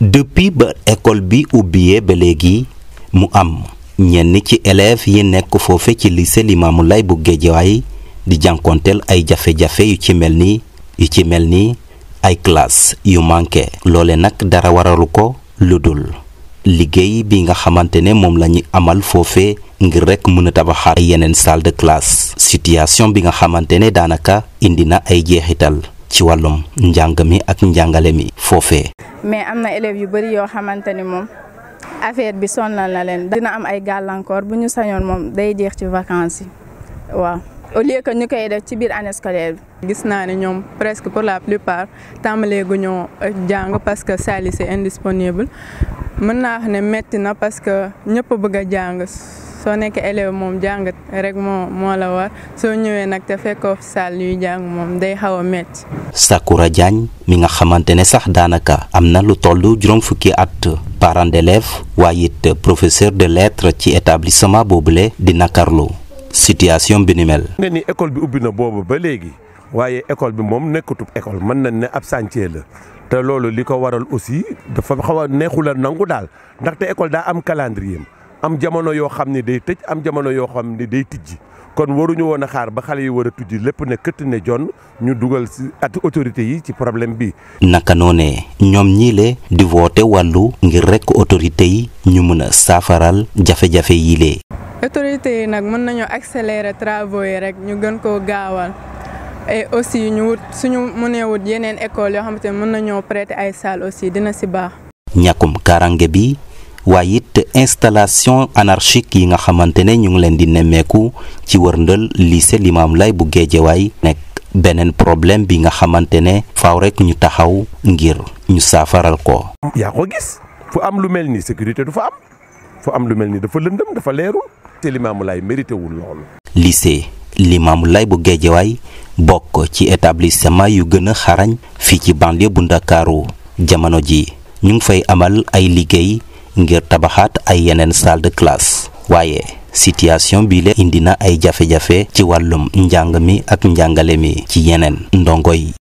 depuis ba école bi ubbiyee ba léegi mu am ñenn ci élèves yi nekk foofe ci lycée Limaamu lay bu Géejawaay di jànkonteel ay jafe-jafe yu ci mel ni yu ci mel ni ay classe yu manqué loole nag dara waralu ko lu dul liggéey bi nga xamante ne moom la ñu amal foofe ngir rekk mën a tabaxaat yeneen salle de classe situation bi nga xamante ne daanaka indi na ay jeexital ci wàllum njàng mi ak njàngale mi foofe mais am na élèves yu bëri yoo xamante ni moom affaire bi sonnal na leen dina am ay gàllankoor bu ñu sañoon moom day jeex ci vacance yi waaw au lieu que ñu koy def ci biir année scolaire bi. gis naa ne ñoom presque pour la plupart tàmbalee gu ñoo jàng parce que saali indisponible mën naa ne metti na parce que ñëpp bëgg a jàng. soo nekkee élève moom jàng rek moo la war soo ñëwee nag te fekkoo saal yuy jàng moom day xaw a métti. Sakura Diagne mi nga xamante ne sax daanaka am na lu toll juróom fukki at parent d'élève waaye it professeur de lettres ci établissement boobule di nakarlu situation bi ni mel. nga ni école bi ubbi na boobu ba léegi waaye école bi moom nekkatub école mën nañ ne ab chantier la. te loolu li ko waral aussi dafa xaw a neexul a nangu daal ndaxte école daa am jamono yoo xam ne day tëj am jamono yoo xam ne day tijji kon waruñu woon a xaar ba xale yi war a tujj lépp ne këtt ne jon ñu dugal si at autorité yi ci problème bi naka noonee ñoom ñii le di woote wàllu ngir rekk autorité yi ñu mën a saafaral jafe-jafe yi lee autorité yi nag mën nañoo accélérer travaux yi rek ñu gën koo gaawal et aussi ñu wut suñu mënee wut yeneen école yoo xamante ne mën nañoo prêter ay salle aussi dina si baax ñàkkum karange bi waaye it installation anarchique yi nga xamante ne ñu ngi leen di nemmeeku ci wërndal lycée Limam Lay bu Géejawaay nekk beneen problème bi nga xamante ne faaw rek ñu taxaw ngir ñu saafaral ko. yaa ko gis fu am lu mel ni sécurité du fa am fu am lu mel ni dafa lëndëm dafa leerul te Limaamu Lay mérité wul loolu. lycée Limaamu Lay bu Géejawaay bokk ci établissement yu gën a xarañ fii ci banlieue bu Ndakaaru jamono ji ñu ngi fay amal ay liggéey ngir tabaxaat ay yeneen salle de classe waaye situation bi le indi na ay jafe-jafe ci wàllum njàng mi ak njàngale mi ci yeneen ndongo yi